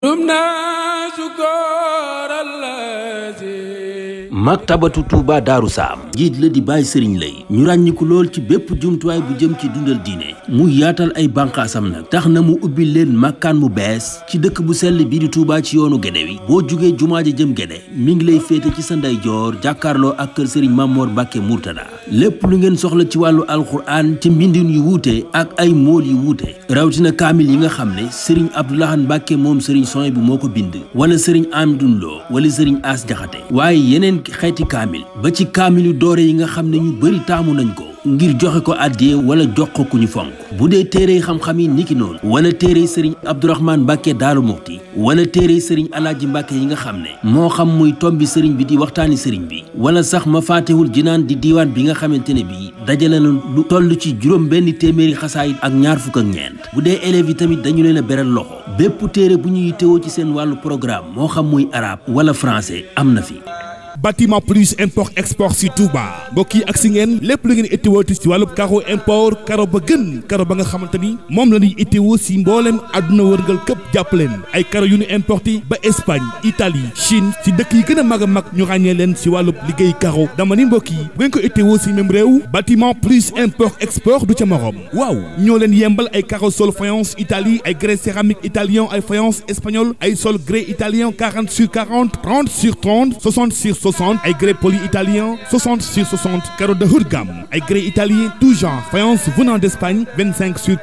Lumna sukar Allah maktabatu Touba Darou Saam njiit la di bàyyi sëriñ lay ñu ràññiku lool ci bépp jumtuwaay bu jëm ci dundal diine mu yaatal ay bànqaasam nag tax na mu ubbi leen makkaan mu bees ci dëkk bu sell bii di Touba ci yoonu gede wi boo jugee jumaa ji jëm gede mi ngi lay féete ci sa ndeyjoor jàkkaarloo ak kër sëriñ Mamor Mbàkke Murtada lépp lu ngeen soxla ci wàllu alxuraan ci mbindin yu wuute ak ay mool yu wuute rawatina kaamil yi nga xam ne sëriñ Abdoulahan Mbàkke moom sëriñ Soy bu moo ko bind wala sëriñ Amidun Lo wala sëriñ As xeeti kaamil ba ci kaamilu doore yi nga xam ne ñu bëri taamu nañ ko ngir joxe ko àddiyee wala jox ko ku ñu fonk bu dee téere xam-xam yi niki noonu wala téerey sëriñ Abdourahmane Mbacke daalu Muxti wala téerey sëriñ Alaaji Mbacke yi nga xam ne moo xam muy tombi sëriñ bi di waxtaani sëriñ bi wala sax ma faatihul jinaan di diiwaan bi nga xamante ne bii dajale na lu toll ci juróom benn téeméeri xasaayit ak ñaar fukk ak ñeent bu dee élèves yi tamit dañu leen a beral bépp téere bu ñuy teewoo ci seen wàllu programme moo xam muy wala français am na fi bâtiment plus import export si Touba mbokk yi ak si ngeen lépp lu ngeen itteewooti si wàllub caro import caro ba gën caro ba nga xamante ni moom la ñuy itteewoo si mbooleem àdduna wërngal këpp jàpp leen ay caro yu ñu importé ba Espagne Italie Chine si dëkk yi gën a mag mag ñu ràññee leen si wàllub liggéey caro dama ni mbokk yi bu ngeen ko itteewoo si même réew bâtiment plus import export du ca morom waaw ñoo leen yembal ay caro sol faïence Italie ay grès céramique italien ay faïence espagnol ay sol grès italien 40 sur 40 30 sur 30 60 ay grès poli italien sur 60 carreaux de haut ay grès italien tout venant d'Espagne sur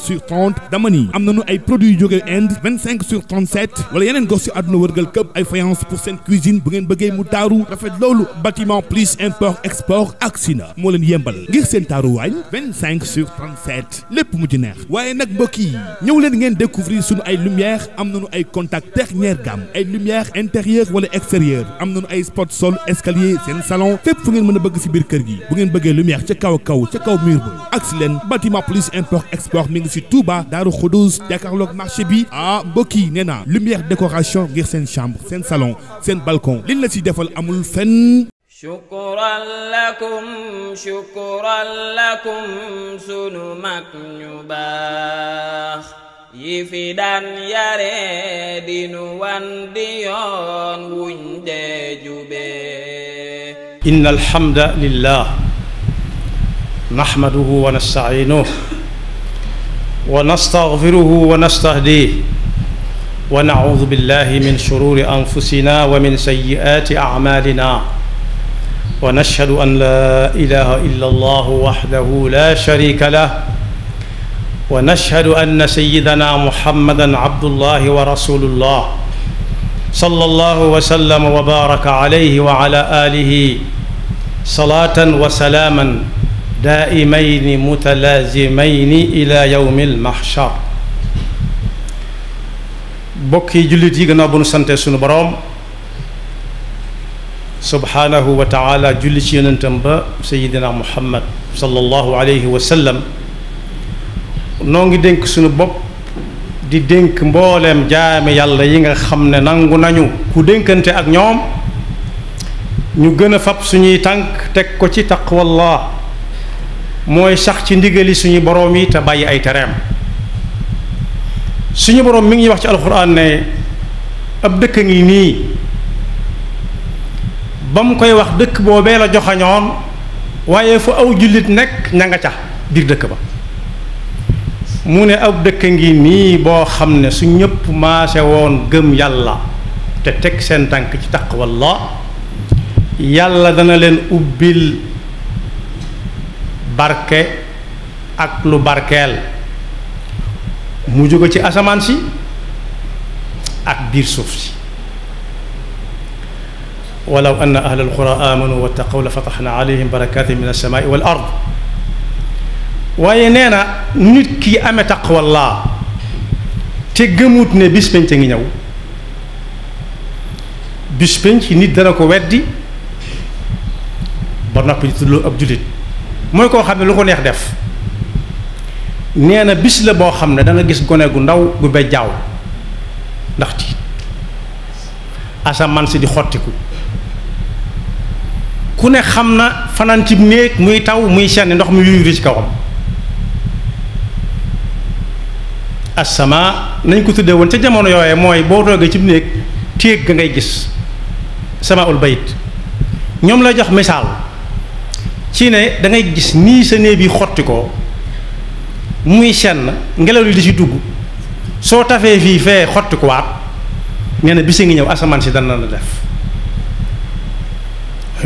sur 30 damani am nañu ay produits jóge Inde 25 sur 37 wala yeneen gox si àdduna wërgal këpp ay faïence pour seen cuisine bu ngeen bëggee mu taaru rafet loolu bâtiment plus import export ak sina moo leen yembal ngir seen taaruwaañ 25 sur 37 lépp mu ci waaye nag mbokk ñëw leen ngeen découvrir sunu ay lumière am nañu ay contact dernière gamme ay spot sol escalier seen salon fépp fu ngeen mën a bëgg si biir kër gi bu ngeen bëggee lumière ca kaw kaw ca kaw mur ba ak leen bâtiment import export mi ngi si Touba Daaru Xudoos jàkkaarloog marché bi ah mbokk yi lumière décoration ngir seen chambre seen salon seen balcon liñ la si defal amul fenn shukran lakum shukran ñu baax yi fi daan yare dinu wan di yoon wuñ dee jube inna alhamda lillah nahmaduhu wa nasta'inuhu wa nastaghfiruhu wa nastahdihi wa na'udhu billahi min shururi anfusina wa min sayyiati a'malina wa nashhadu an la ilaha illa allah wahdahu la sharika lahu ونشهد أن سيدنا محمدا عبد الله ورسول الله صلى الله وسلم وبارك عليه وعلى آله صلاة وسلاما دائمين متلازمين إلى يوم المحشر bokki jullit yi gannaaw bu nu sante sunu boroom subhaanahu wa taala julli ci yonentam ba sayidina muhammad sallallahu alayhi wa sallam noo ngi dénk suñu bopp di dénk mbooleem jaame yàlla yi nga xam ne nangu nañu ku dénkante ak ñoom ñu gën a fab suñuy tànk teg ko ci taqwallah mooy sax ci ndigali suñu boroom yi te bàyyi ay tereem suñu boroom mi ngi wax ci alxuraan ne ab dëkk ngi nii ba mu koy wax dëkk boobee la joxañoon waaye fu aw jullit nekk ña nga ca biir dëkk ba mu ne ab dëkk ngi nii boo xam ne su ñépp maase woon gëm yàlla te teg seen tànk ci taqwallah yàlla dana leen ubbil barke ak lu barkeel mu jóge ci asamaan si ak biir suuf si walaw anna ahlal qura amanu wattaqaw la fataxna alayhim barakatin min alsamaai wal ard waaye nee na nit ki amee taqwallaa te gëmut ne bis penc a ngi ñëw bis penc nit dana ko weddi ba noppi di tuddloo ab jullit mooy koo xam ne lu ko neex def nee na bis la boo xam ne da gis gone gu ndaw gu be jaaw ndax tiit asamaan si di xottiku ku ne xam na fanaan cib néeg muy taw muy senn ndox mu yuy ci kawam asama nañ ko tuddee woon ca jamono yooye mooy boo toogee ci néeg téeg ga ngay gis sama ul bayit ñoom lay jox misaal ci ne dangay gis nii sa néeg bi xotti ko muy senn ngelaw li di ci dugg soo tafee fii fee xotti ko waat nee na bisi ngi ñëw asamaan si dana la def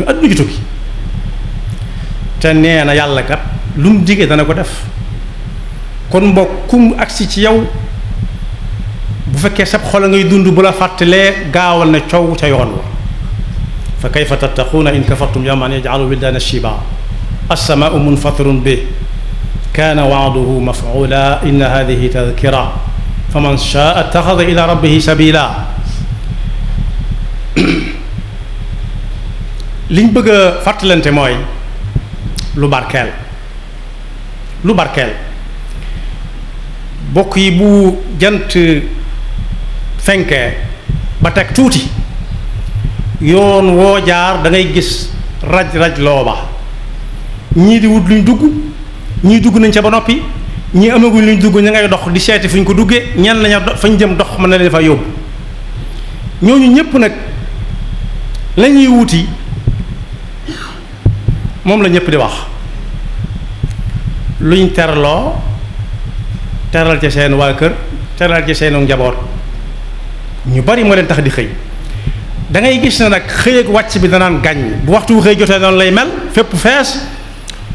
adduna ji tukki te nee na yàlla kat lu mu digee dana ko def kon mbokk kum agsi ci yow bu fekkee sab xol a ngay dund bu la fàttalee gaawal na coow ca yoon wa fa kayfa tattaquuna in kafartum yawman yaj'alu wildaana shiiba as-samaa'u munfatirun bihi kaana wa'duhu maf'uula inna haadihi tadkira fa man shaa ittaxada ilaa rabbihi sabiila bëgg a fàttalante mooy lu barkeel bokk yi bu jant fenkee ba teg tuuti yoon woo jaar da ngay gis raj-raj loo ba ñii di wut luñ dugg ñii dugg nañ ca ba noppi ñii amaguñ luñ dugg ña ngay dox di seeti fuñ ko duggee ñenn naña fañ jëm dox mën na leen fa yóbbu ñooñu ñépp nag lañuy wuti moom la ñépp di wax luñ terloo teral ci seen waa kër teral ci seenu njaboot ñu bari moo leen tax di xëy dangay gis ne nag xëy ak wàcc bi danaan gàññ bu waxtu wu xëy jotee noonu lay mel fépp fees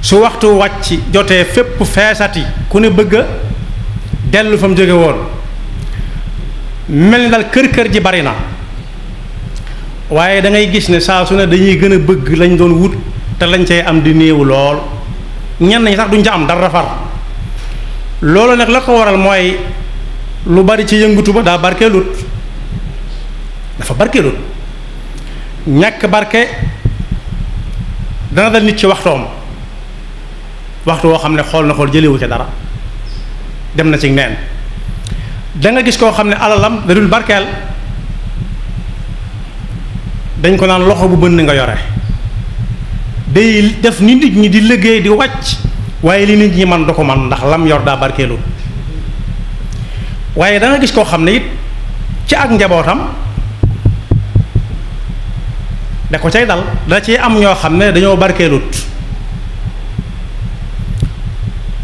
su waxtu wàcc jotee fépp feesati ku ne bëgg dellu fa mu jóge woon mel ni daal kër kër ji bari na waaye dangay gis ne saa su ne dañuy gën a bëgg lañ doon wut te lañ cay am di néew lool ñenn ñi sax duñ ca dara far loolu nag la ko waral mooy lu bari ci yëngutu ba daa barkeelut dafa barkeelut ñàkk barke dana dal nit ci waxtoom waxtu woo xam ne xool na xool jëlewu dara dem na ci neen danga gis koo xam ne alalam da dul barkeel dañ ko naan loxo bu bënn nga yore day def ni nit ñi di liggéey di wàcc waaye li nit ñi man du ko man ndax lam yor daa barkeelul waaye danga gis koo xam ne it ci ak njabootam da ko cay dal da ci am ñoo xam ne dañoo barkeelut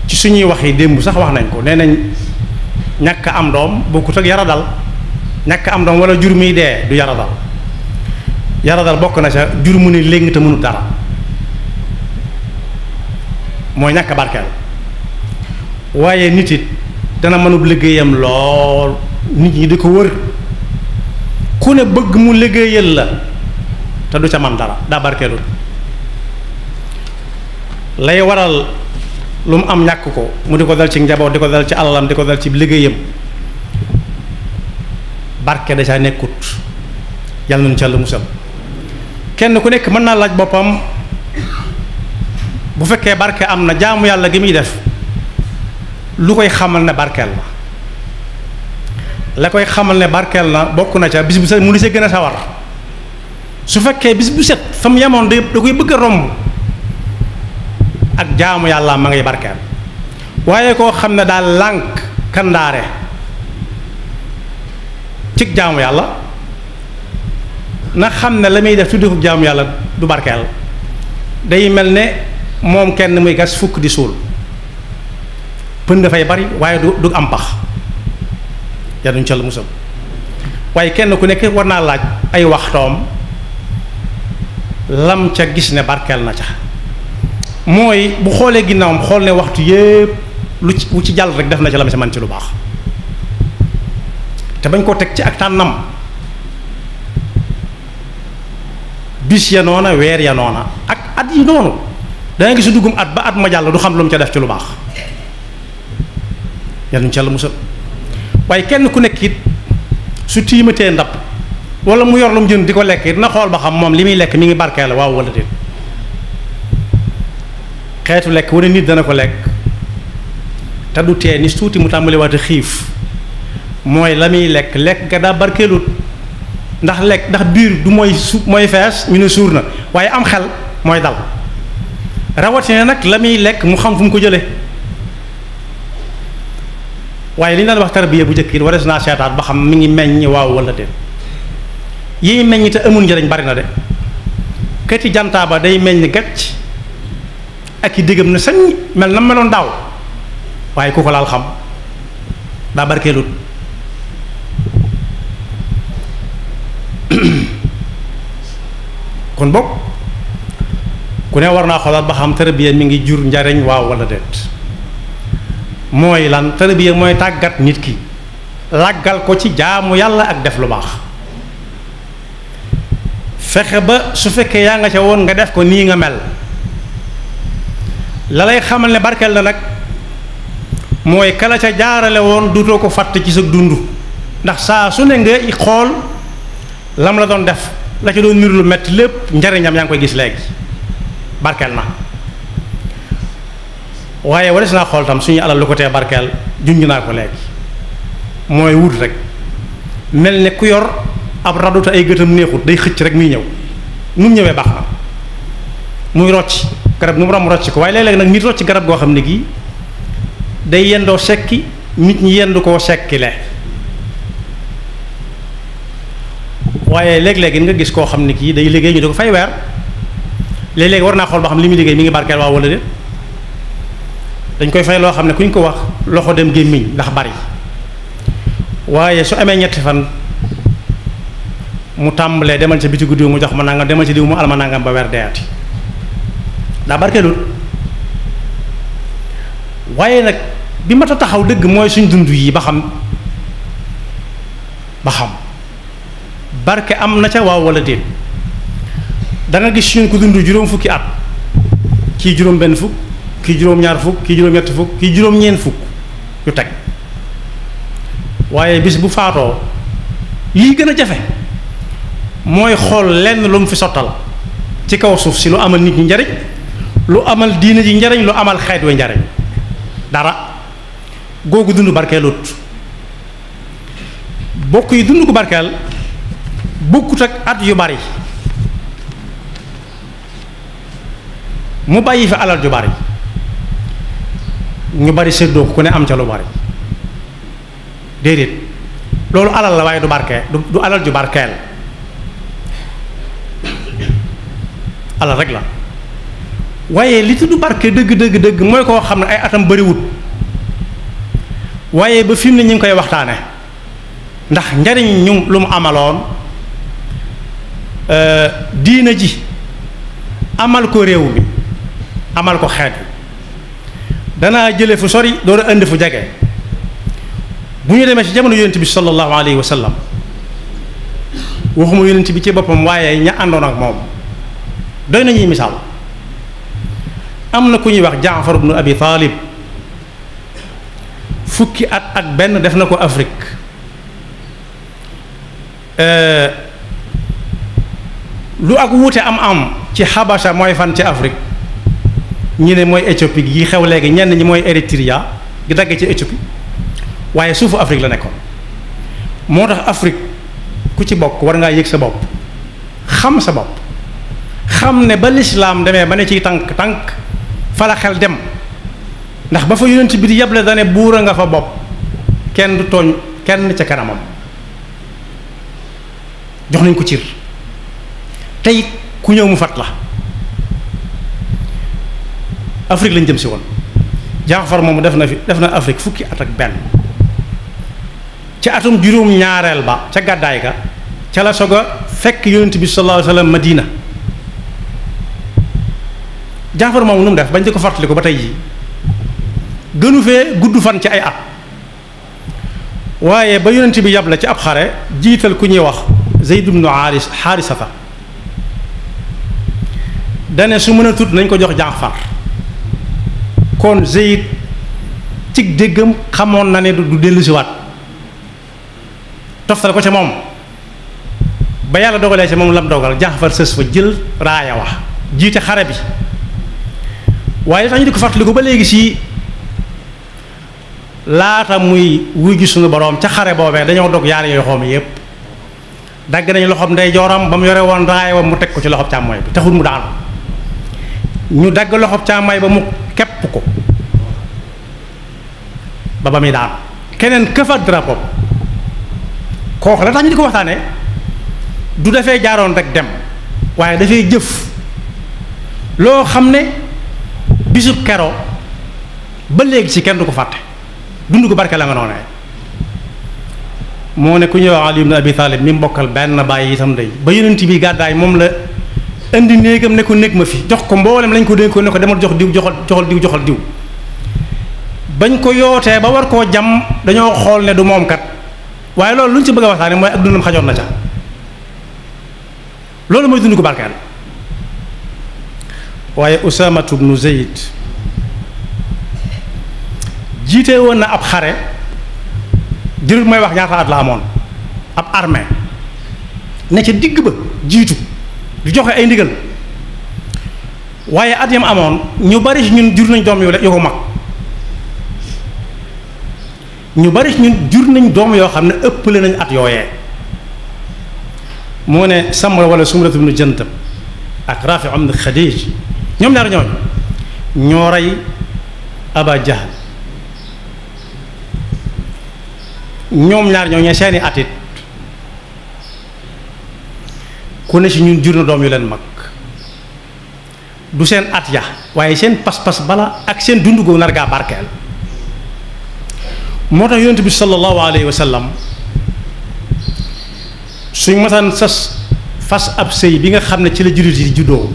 ci suñuy wax yi démb sax wax nañ ko nee nañ ñàkk am doom bokkut ak yara dal ñàkk am doom wala jur miy dee du yara dal yara dal bokk na ca jur mu ne léegi te mënut dara mooy ñàkk barkeel waaye nit it dana mënub liggéeyam lool nit ñi di ko wër ku ne bëgg mu liggéeyal la te du ca man dara daa barkeelul lay waral lu mu am ñàkk ko mu di ko dal ci njaboot di ko dal ci alalam di ko dal ci liggéeyam barke da caa nekkut yàlla nañu ca la musal kenn ku nekk mën naa laaj boppam bu fekkee barke am na jaamu yàlla gi muy def lu koy xamal ne barkeel la la koy xamal ne barkeel na bokk na ca bis bu set mu di see gën a sawar su fekkee bis bu set fa mu yemoon da da koy bëgg a romb ak jaamu yàlla ma ngay barkeel waaye koo xam ne daal lank kandaare cig jaamu yàlla na xam ne la muy def tuddi ko jaamu yàlla du barkeel day mel ne moom kenn muy gas fukk di suul pën dafay bari waaye du du am pax yàlla duñ ca la musal waaye kenn ku nekk war naa laaj ay waxtoom lam ca gis ne barkeel na ca mooy bu xoolee ginnaawam xool ne waxtu yépp lu ci wu ci jàll rek def na ca la ma si man ci lu baax te bañ koo teg ci ak tànnam bis ya noona weer ya noona ak at yi noonu da nga gis at ba at ma jàll du xam lu mu ca def ci lu baax yal nañu ci yàlla musal waaye kenn ku nekk it su tiimatee ndab wala mu yor lu mu jënd di ko lekk it na xool ba xam moom li muy lekk mi ngi barkeela waaw wala déet xeetu lekk wane nit dana ko lekk te du tee ni suuti mu tàmbali xiif mooy la muy lekk lekk ga daa barkeelut ndax lekk ndax biir du mooy su mooy fees mu ne suur na waaye am xel mooy dal rawatina nag la muy lekk mu xam fu mu ko jëlee waaye li ñu daan wax tarbiya bu njëkk yi warees naa seetaat ba xam mi ngi meññ waaw wala déet yi meññ te amul njëriñ bari na de këti jantaa ba day meññ gàcc ak i diggam ne sañ mel na meloon daaw waaye ku ko laal xam daa barkeelut kon bokk ku ne war naa xoolaat ba xam tarbiya mi ngi jur njariñ waaw wala déet mooy lan tarbiya mooy tàggat nit ki làggal ko ci jaamu yàlla ak def lu baax fexe ba su fekkee yaa nga ca woon nga def ko nii nga mel lalay lay xamal ne barkeel na nag mooy kala ca jaarale woon duutoo ko fàtte ci sa dund ndax saa su ne nga xool lam la doon def la ca doon niru lu metti lépp njariñam yaa ngi koy gis léegi barkeel na waaye waris naa xool tam suñu alal lu ko tee barkeel junj naa ko léegi mooy wut rek mel ni ku yor ab radu ay gëtam neexut day xëcc rek muy ñëw nu mu ñëwee baax na muy rocc garab nu mu ram rocc ko waaye léeg-léeg nag nit rocc garab goo xam ne gii day yendoo sekki nit ñi yendu koo sekkile waaye léeg-léegi nga gis koo xam ne kii day liggéey ñu di ko fay weer léeg-léeg war naa xool ba xam li muy liggéey mi ngi barkeel waaw wala déet dañ koy fay loo xam ne kuñ ko wax loo loxo dem gémmiñ ndax bari waaye su amee ñetti fan mu tàmbalee demal ca bitigu diw mu jox ma nangam demal ci diw mu alma nangam ba weer deyaati daa barkeelul waaye nag bi mat a taxaw dëgg mooy suñ dund yi ba xam ba xam barke am na ca waaw wala déet danga gis ñun ko dund juróom fukki at kii juróom benn fukk kii juróom ñaar fukk kii juróom ñett fukk yu teg waaye bis bu faatoo lii gën a jafe mooy xool lenn lu mu fi sottal ci kaw suuf si lu amal nit ñi njariñ lu amal diine ji njariñ lu amal xeet we njariñ dara googu dund barkeelut bokk yi dund ko barkeel bokkut ak at yu bari mu bàyyi fi alal ju bari ñu bari séddoo ku ne am ca lu bari déedéet loolu alal la waaye du barkee du alal ju barkeel alal rek la waaye li tudd barke dëgg dëgg dëgg mooy koo xam ne ay atam bariwut waaye ba fi mu ne ñu ngi koy waxtaane ndax njariñ ñu lu mu amaloon euh, diina ji amal ko réew mi amal ko xeet danaa jële fu sori doo a indi fu jege bu ñu demee ci jamono yonent bi sallallahu alayhi wa sallam waxuma yonent bi ci boppam waaye ña àndoon ak moom doy nañuy misaal am na ku ñuy wax jaafar ibnu abi taalib fukki at ak benn def na ko Afrique euh, lu ak wuute am am ci xabasa mooy fan ci Afrique ñi ne mooy Éthiopie yi xew léegi ñenn ñi mooy Érythria gi dagg ci Éthiopie waaye suufu Afrique la nekkoon moo tax Afrique ku ci bokk war ngaa yëg sa bopp xam sa bopp xam ne ba lislaam demee ba ne ciy tànk tànk fa la xel dem ndax ba fa yonent biir di la dane buur a nga fa bopp kenn du tooñ kenn ca kanamam jox nañ ko cir tey ku ñëw mu fat la Afrique lañ jëm si woon Jaafar moomu def na fi def na Afrique fukki at ak benn ci atum juróom-ñaareel ba ca gàddaay ga ca la soog a fekk yonent bi sallallahu alayhi wa Madina Jaafar moomu nu mu def bañ di ko fàttali ko ba tey jii gënu fee gudd fan ci ay at waaye ba yonent bi yab la ci ab xare jiital ku ñuy wax Zayd ibnu Haaris Haarisata dane su mën a tut nañ ko jox Jaafar kon Zayd ci déggam xamoon na ne du dellusiwaat toftal ko ca moom ba yàlla dogalee ca moom lam dogal Jaafar sës fa jël raaya wax jiite xare bi waaye tax di ko fàttaliku ba léegi si laata muy wujj sunu boroom ca xare boobee dañoo dog yaar yooyu xoom yépp dagg nañu loxoom ndey jooram ba mu yore woon raaya wa mu teg ko ci loxob càmmooy bi taxul mu daanu ñu dagg loxob càmmooy ba mu kepp ko ba ba muy daan keneen këfaat drapeau kooku la tax ñu di ko waxtaanee du defee jaaroon rek dem waaye dafay jëf loo xam ne bisub kero ba léegi ci kenn du ko fàtte dund ko barke la nga noonee moo ne ku ñuy wax Ali ibn Abi Talib mi mbokkal benn bàyyi tam day ba yonent bi gàddaay moom la indi néegam ne ko néeg ma fi jox ko mboolem lañ ko dénkoon ne ko demal jox diw joxal joxal diw joxal diw bañ ko yootee ba war koo jam dañoo xool ne du moom kat waaye loolu lu ñu ci bëgg a waxtaane mooy ak dundam xajoon na ca loolu mooy dund ko barkeel waaye usamatu nu zeyd jiite woon na ab xare jërut may wax ñaata at la amoon ab armée ne ca digg ba jiitu du joxe ay ndigal waaye at yam amoon ñu bari ñun jur nañ doom yu ko mag ñu bari ñu jur nañ doom yoo xam ne ëpp ëppale nañ at yooyee moo ne Samra wala Sumrat ibnu Jantab ak Rafi am na Xadiij ñoom ñaar ñooñ ñoom ñaar ñoo ñee seeni at it ku ne ci ñun jur na doom yu leen mag du seen at ya waaye seen pas-pas bala ak seen dundu googu nar gaa barkeel moo tax yonent bi sallallahu suñ masaan sas fas ab sëy bi nga xam ne ci la jullit yi juddoo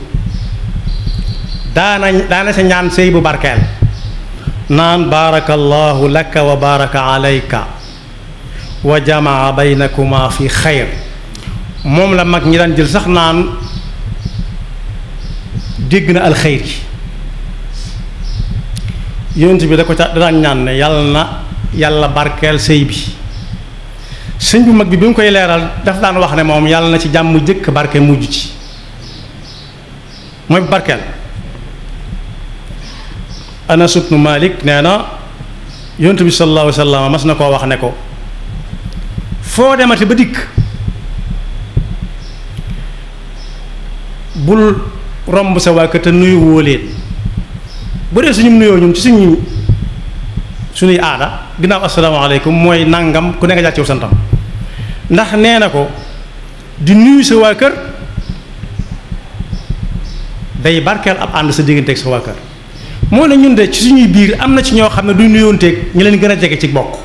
daana daana sa ñaan sëy bu barkeel naan baarakallahu laka wa baraka alayka wa jamaa baynakuma fi xayr moom la mag ñi daan jël sax naan dégg na alxayr yi yonent bi da ko ca daan ñaan ne na yàlla barkeel sëy bi sëñ bu mag bi bi mu koy leeral daf daan wax ne moom yàlla na ci jàmm jëkk barke mujj ci mooy barkeel Anas ibnu Malik nee na yontu bi sallallahu alayhi mas na koo wax ne ko foo demati ba dikk bul romb sa waa kër te nuyu woo leen bu dee suñu nuyoo ñun ci suñu suñuy aada ginnaaw asalaamaaleykum mooy nangam ku nekk nga jàccew ndax nee na ko di nuyu sa waa kër day barkeel ab ànd sa digganteeg sa waa kër moo ne ñun de ci suñuy biir am na ci ñoo xam ne duñ nuyoonteeg ñu leen gën a jege ci bokk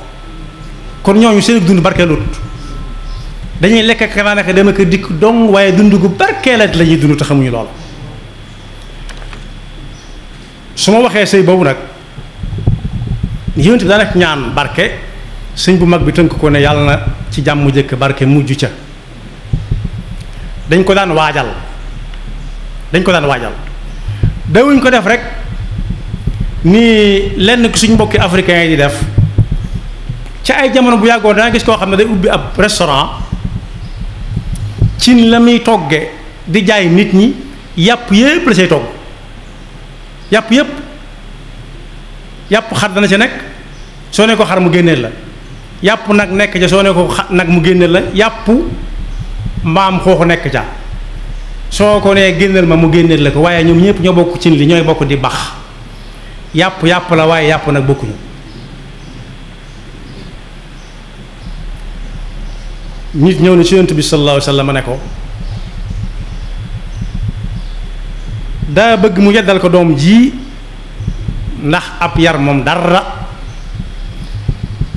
kon ñooñu seen dund barkeelut dañuy lekk ak dem dama ko dikk dong waaye dund gu barkeelat la ñuy dund te xamuñu lool su ma waxee sëy boobu nag. yonent bi daanaka ñaan barke sëñ bu mag bi tënk ko ne yàlla na ci jàmm jëkk barke mujj ca dañ ko daan waajal dañ ko daan waajal dawuñ ko def rek nii lenn suñ mbokki africain yi di def ci ay jamono bu yàggoon danga gis koo xam ne day ubbi ab restaurant cin la muy togge di jaay nit ñi yàpp yépp la say togg yàpp yépp yàpp xar dana ca nekk soo ne ko xar mu génneel la yàpp nag nekk ca soo ne ko nag mu génneel la yàpp mbaam xooxu nekk ca soo ko nee génneel ma mu génneel la ko waaye ñoom ñëpp ñoo bokk cin li ñooy bokk di bax yàpp yàpp la waaye yàpp nag bokkuñu nit ñëw ne ci yonent bi sallallahu alayhi wa ne ko daa bëgg mu yeddal ko doom ji ndax ab yar moom dara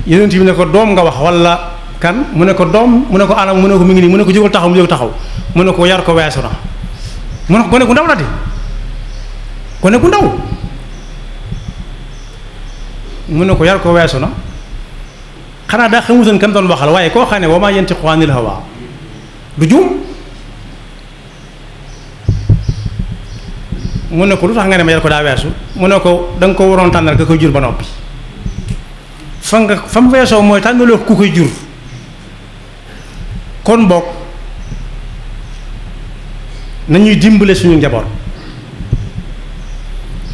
yonent bi ne ko doom nga wax wala kan mu ne ko doom mu ne ko anam mu ne ko mi ngi nii mu ne ko jógal taxaw mu jóg taxaw mu ne ko yar ko weesu na mu ne ko gone ne ko yar ko weesu na xanaa daa xamutoon kam doon waxal waaye koo xam ne wa maa yantiqu anil hawaa du juum mu ne ko lu tax nga ne ma yar ko daa weesu mu ne ko da nga ko waroon tànnal ka koy jur ba noppi fa nga fa mu weesoo mooy tànnaloo ku koy jur kon boog nañuy dimbale suñu njaboot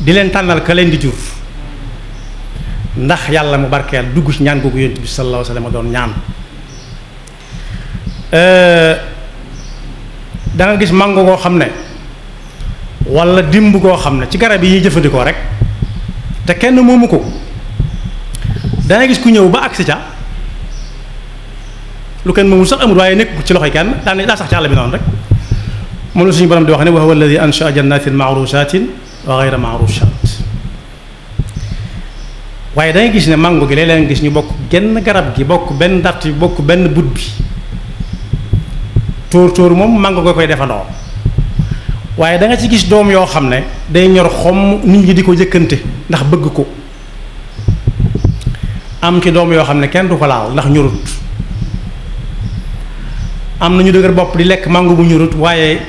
di leen tànnal ka leen di jur ndax yàlla mu barkeel dugg ci ñaan googu yonent bi sallallahu alayhi wa doon ñaan euh, da gis màngo koo xam ne wala dimb koo xam ne ci garab yi ñuy jëfandikoo rek te kenn moomu ko dana gis ku ñëw ba agsi ca lu kenn moomu sax amul waaye nekk ci loxoy kenn daan daa sax ci rek moom la suñu borom di wax ne wa huwa alladi anshaa jannatin maaruusatin wa gayra maaruusaat waaye dangay gis ne mango gi léeg-léeg gis ñu bokk genn garab gi bokk benn dàtt bi bokk benn but bi tóor tóor moom mango nga koy defandoo waaye danga ci gis doom yoo xam ne day ñor xomm nit ñi di ko jëkkante ndax bëgg ko am ci doom yoo xam ne kenn du ko laal ndax ñorut am na ñu dëgër bopp di lekk màngo bu ñorut waaye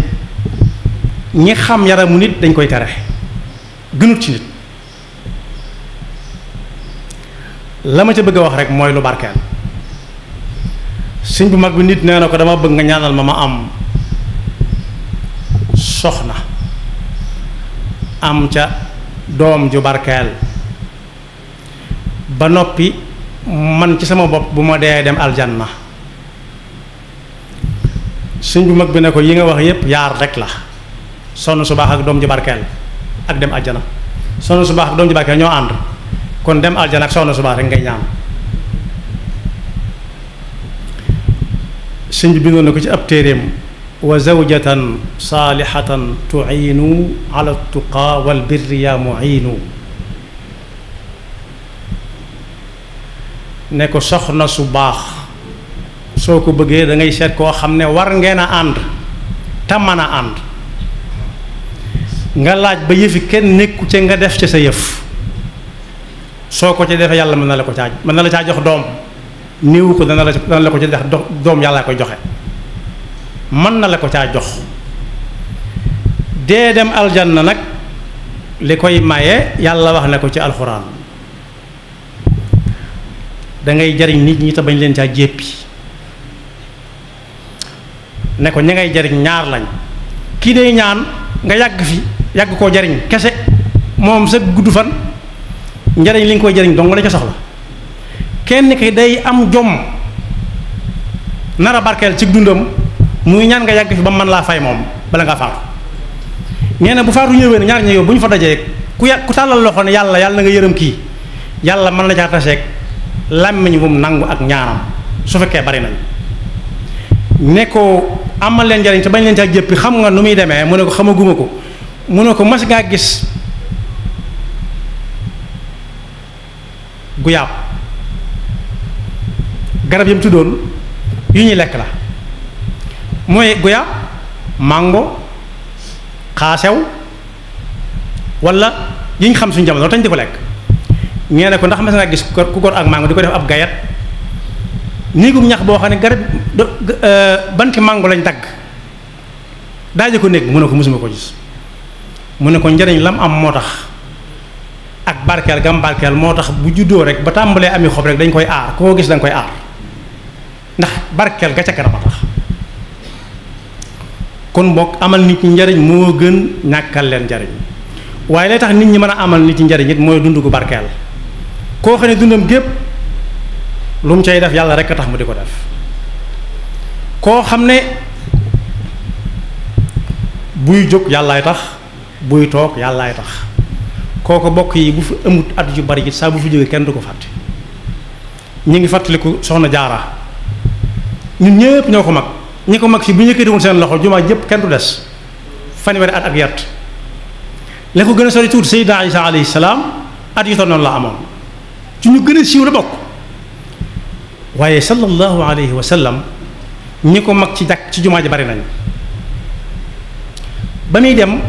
ñi xam yaramu nit dañ koy tere gënut ci nit la ma ca bëgg a wax rek mooy lu barkeel sëñ bu mag bi nit nee na ko dama bëgg nga ñaanal ma ma am soxna am ca doom ju barkeel ba noppi man ci sama bopp bu ma dee dem aljanna sëñ bu mag bi ne ko yi nga wax yépp yaar rek la sonn su baax ak doom ju barkeel ak dem aljana sonn su baax ak doom ju barkeel ñoo ànd kon dem aljana ak sonn su baax rek ngay ñaan sëñ bi bindoon na ko ci ab téereem wa zawjatan saalihatan tuciinu ala tuqaa wal birri yaa muciinu ne ko soxna su baax soo ko bëggee da ngay seet koo xam ne war ngeen a ànd te mën a ànd nga laaj ba yëfi kenn nekku ca nga def ca sa yëf soo ko ci defee yàlla mën na la ko ca mën na la caa jox doom néewu ko dana la dana la ko ci def doom yàlla koy joxe mën na la ko caa jox dee dem aljanna nag li koy maye yàlla wax ne ko ci alxuraan dangay jariñ nit ñi te bañ leen caa jéppi ne ko ña ngay jariñ ñaar lañ kii day ñaan nga yàgg fi yàgg koo jariñ kese moom sa gudd fan njariñ li nga koy jariñ dong la ca soxla kenn ki day am jom nara barkeel ci dundam muy ñaan nga yàgg fi ba mën laa fay moom bala ngaa faatu nee na bu faatu ñëwee ñaar ñi yow bu ñu fa dajee ku yà ku tàllal loxo ne yàlla yàlla nga yërëm kii yàlla mën na caa taseeg làmmiñ bu mu nangu ak ñaanam su fekkee bari nañ ne ko amal leen njariñ te bañ leen caa jëppi xam nga nu muy demee mu ne ko xamaguma ko mu ne ko mas ngaa gis guyaab garab yam tuddoon yu ñuy lekk la mooy guya màngo xaasew wala yi ñu xam suñ jamono tañ di ko lekk ngeen ko ndax mas nga gis ku gor ak mango di ko def ab gayat néegum ñax boo xam ne garab euh, banti mango lañ dagg daaje ko néeg mu ne ko mosuma ko gis mu ne ko njariñ lam am moo tax ak barkeel gam barkeel moo tax bu juddoo rek ba tàmbalee ami xob rek dañ koy aar koo gis dañ koy aar ndax barkeel ga ca kanam a tax kon bokk amal nit ñi njariñ moo gën ñàkkal leen njariñ waaye lay tax nit ñi mën a amal nit ñi njariñ it mooy dund gu barkeel koo xam ne gépp lu cay def yàlla rek tax mu di def koo xam ne buy jóg yàllaay tax buy toog yàllaay tax kooko bokk yi bu fi ëmut at yu bari it saa bu fi jógee kenn du ko fàtte ñu ngi fàttaliku soxna jaara ñun ñëpp ñoo ko mag ñi ko mag si bu ñu yëkkatiwul seen loxo jumaa jëpp kenn du des fanweeri at ak yat la ko gën a sori tuuti Seydina Isa alayhi salaam at yu toll noonu la amoon ci ñu gën a siiw la bokk waaye sallallahu alayhi wa sallam ñi ko mag ci jàkk ci jumaa ji bari nañ ba muy dem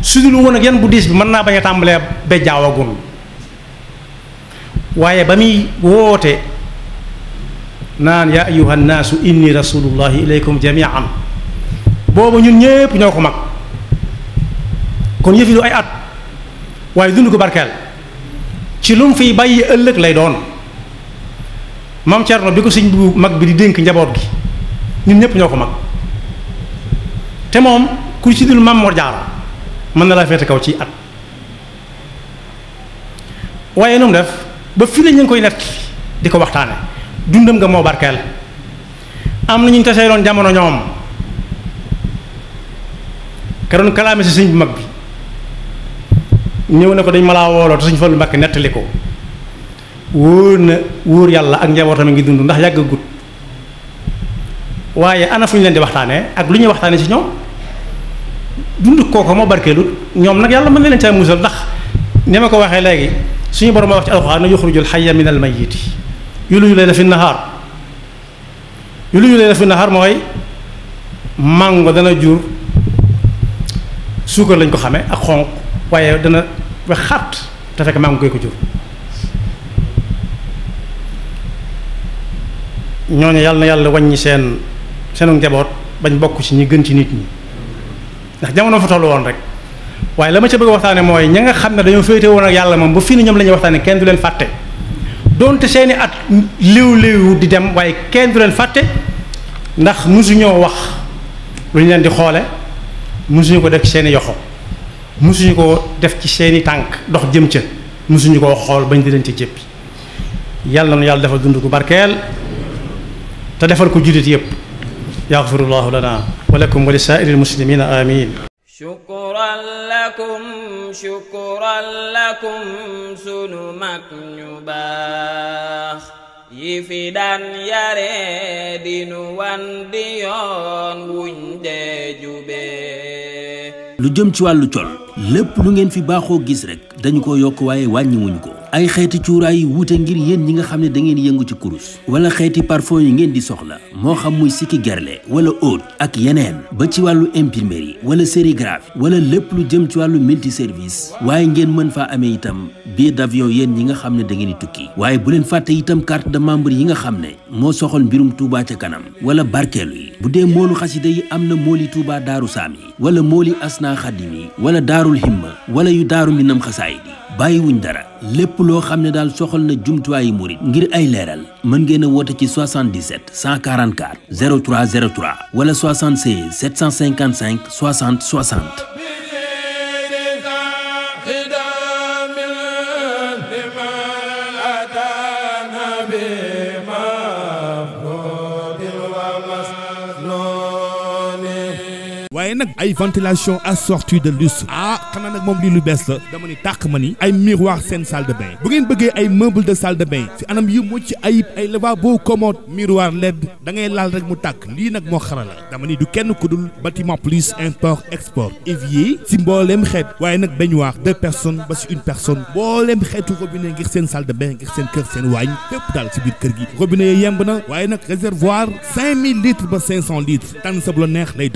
su dul woon ak yan bu diis bi mën naa bañ a tàmbalee ba jaawagun waaye ba muy woote naan ya ayuha nnaasu inni rasulullahi ilaykum jamian boobu ñun ñépp ñoo ko mag kon yëfi du ay at waaye dund ko barkeel ci lu mu fiy bàyyi ëllëg lay doon maam Cerno bi ko siñ bu mag bi di dénk njaboot gi ñun ñépp ñoo ko mag te moom ku ci dul maam Mor mën na laa féete kaw ci at waaye nu def ba fii lañ ngi koy net nett di ko waxtaane dundam nga moo barkeel am na ñu tasee doon jamono ñoom ka doon kalaame si sëñ bu mag bi ñëw na ko dañ ma laa wooloo te sëñ Fallu Mbàkke nettali ko wóor na wóor yàlla ak njabootam ngi dund ndax yàgg gut waaye ana fu ñu leen di waxtaanee ak lu ñuy waxtaanee si ñoom dund kooko moo barkeelut ñoom nag yàlla mën na leen caa musal ndax ni ma ko waxee léegi suñu borom a wax ci alxuraan yuxrijul xayya may mayyiti yuluyu layla fi nahaar yuluyu layla fi naxaar mooy màngo dana jur suukar lañ ko xamee ak xonq waaye dana wex xat te fekk màngo koy ko jur ñooñu yàlla na yàlla wàññi seen seenu njaboot bañ bokk ci ñi gën ci nit ñi ndax jamono fa tollu woon rek waaye la ma ca bëgg waxtaane mooy ña nga xam ne dañoo féete woon ak yàlla moom ba fii ni ñoom la waxtaane kenn du leen fàtte donte seeni at liw liw di dem waaye kenn du leen fàtte ndax musuñoo wax lu ñu leen di xoole musuñu ko def ci seeni yoxo musuñu ko def ci seeni tànk ndox jëm ca musuñu ko xool bañ di leen ci jéppi yàlla na yàlla defal dund ko barkeel te defal ko jullit yépp yaxfirullahu lana wa lakum wa li saa'iril muslimina amin shukran lakum shukran lakum sunu ñu baax yi fi daan yare dinu wan di wuñ dee jubee lu jëm ci wàllu col lépp lu ngeen fi baaxoo gis rekk dañu ko yokk waaye wàññiwuñu ko ay xeeti cuuraay yi wuute ngir yéen ñi nga xam ne da ngeen yëngu ci kurus wala xeeti parfum yi ngeen di soxla moo xam muy sikki gerle wala oud ak yeneen ba ci wàllu imprimerie wala sérigraphie wala lépp lu jëm ci wàllu multi service waaye ngeen mën faa amee itam billet d'avion yéen ñi nga xam ne da ngeen di tukki waaye bu leen fàtte itam carte de membre yi nga xam ne moo soxal mbirum Touba ca kanam wala barkeelu yi bu dee moolu xasida yi am na mooli Touba daaru saam yi wala mooli asna xadim yi wala daarul himma wala daaru minam xasaayid bàyyiwuñ dara lépp loo xam ne daal soxal na jumtuwaayu murit ngir ay leeral mën ngeen a woote ci 77 144 03 03 wala 76 755 60 60 waaye nag ay ventilation assortie de luxe ah xanaa nag moom lii lu bees la dama ni tàq ma ni ay miroir seen salle de bain bu ngeen bëggee ay meuble de salle de bain si anam yu mucc ayib ay lavabo commode miroir led da laal rek mu tàkk lii nag moo xarala dama ni du kenn ku dul bâtiment plus import export évier si mbooleem xeet waaye nag baignoire deux personnes ba si une personne mbooleem xeetu robinet ngir seen salle de bain ngir seen kër seen waañ fépp daal si biir gi yemb na waaye nag réservoir cinq mille litres ba cinq cent litres tànn sa bu neex lay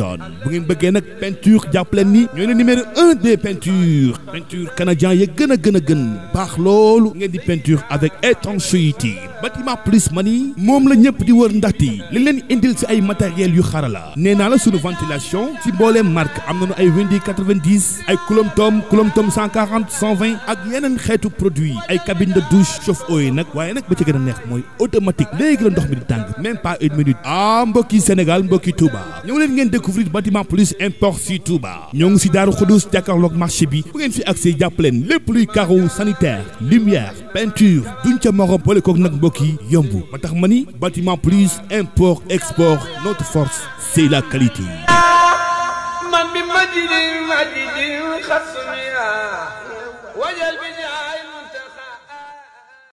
fekkee nag peinture jàpp leen ni ñooy le numéro un des peintures peinture canadien yi gën a gën a gën baax loolu ngeen di peinture avec étanchéité bâtiment plus mani moom la ñëpp di wër ndaxte li leen indil si ay matériel yu xarala nee naa la suñu ventilation si mbooleem marque am nañu ay windi 90 ay kulom tom kulom tom 140 120 ak yeneen xeetu produit ay cabine de douche chauffe-eau yi nag waaye nag ba ci gën a neex mooy automatique léegi la ndox mi di tàng même pas une minute ah mbokki Sénégal mbokki Touba ñëw leen ngeen découvrir bâtiment plus import si Touba ñoo ngi si Daaru Xudus jàkkaarloog marché bi bu ngeen fi lépp luy carreau sanitaire lumière peinture duñ mbokk yi yomb ma tax ma ni bâtiment plus import export notre force c'est la qualité